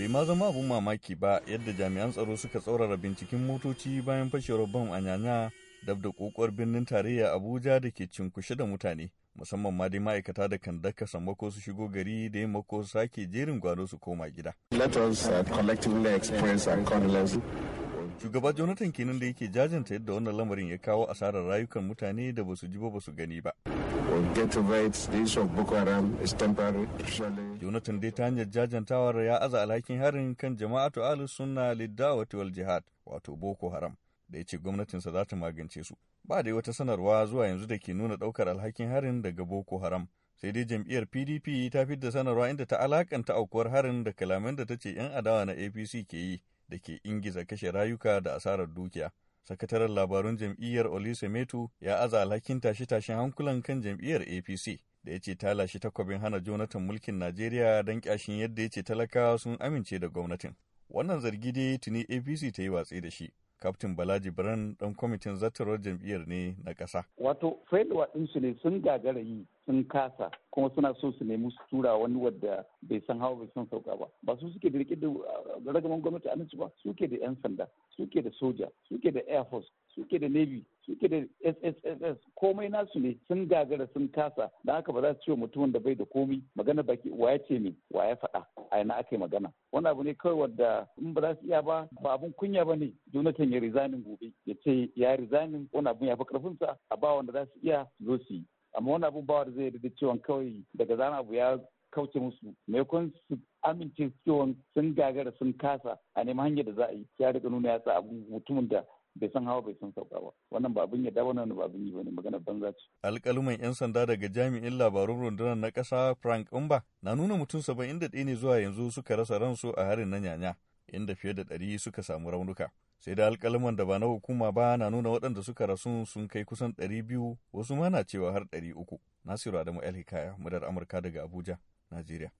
bai ma zama abun mamaki ba yadda jami'an tsaro suka tsaurara binciken motoci bayan fashewar bam a nyanya dab da kokowar birnin tarayya abuja da ke cinkushe da mutane musamman ma dai ma'aikata da kan daka sammako su shigo gari da yin mako sake jerin gwano su koma gida. Let us uh, collectively express and condolence shugaba jonathan kenan da yake jajanta yadda wannan lamarin ya kawo asarar rayukan mutane da ba su ji ba su gani ba Jonathan dai ta hanyar jajantawar ya aza alhakin harin kan jama'atu ahli sunna liddawati wal jihad wato Boko Haram da ya ce gwamnatinsa za ta magance su. Ba dai wata sanarwa zuwa yanzu da ke nuna ɗaukar alhakin harin daga Boko Haram. Sai dai jam'iyyar PDP ta da sanarwa inda ta alakanta aukuwar harin da kalaman da ta ce 'yan adawa na APC ke yi da ke ingiza kashe rayuka da asarar dukiya. Sakataren labarun jam'iyyar Olise Metu ya aza alhakin tashe-tashen hankulan kan jam'iyyar APC da ya ce ta lashe takwabin hana Jonathan mulkin Najeriya don kyashin yadda ya ce talakawa sun amince da gwamnatin. Wannan zargi dai tuni APC ta yi watsi da shi. Kaftin Balaji Biran ɗan kwamitin zartarwar jam'iyyar ne na ƙasa. Wato, failwa ɗinsu ne sun gagara yi sun kasa kuma suna so su nemi su tura wani wadda bai san hawa bai san sauka ba ba su suke da rike da ah, ragaman gwamnati a ba suke da yan sanda suke da soja suke da air force suke da navy suke da sss komai nasu ne sun gagara sun kasa da haka ba za su ce mutumin da bai da komi magana baki waya ce ne waya faɗa a ina aka yi magana wani abu ne kawai wadda in ba za su iya ba ba abun kunya ba ne Jonathan ya rizanin gobe ya ce ya rizanin wani abun ya fi karfinsa a ba wanda za su iya zo su yi amma wani abun bawa da zai yarda cewa kawai daga zana abu ya kauce musu maimakon su amince cewa sun gagara sun kasa a neman hanyar da za a yi ya daga nuna ya sa abu mutumin da bai san hawa bai san sauka ba wannan ba abin yadda wannan ba abin yi bane magana banza ce alƙaluman yan sanda daga jami'in labarun rundunar na ƙasa Frank Umba na nuna mutum 71 ne zuwa yanzu suka rasa ransu a harin na nyanya inda fiye da ɗari suka samu raunuka sai da alkalaman da ba na hukuma ba na nuna waɗanda suka rasu sun kai kusan 200 wasu ma na cewa har 300 nasiru adamu el hikaya amurka daga abuja najeriya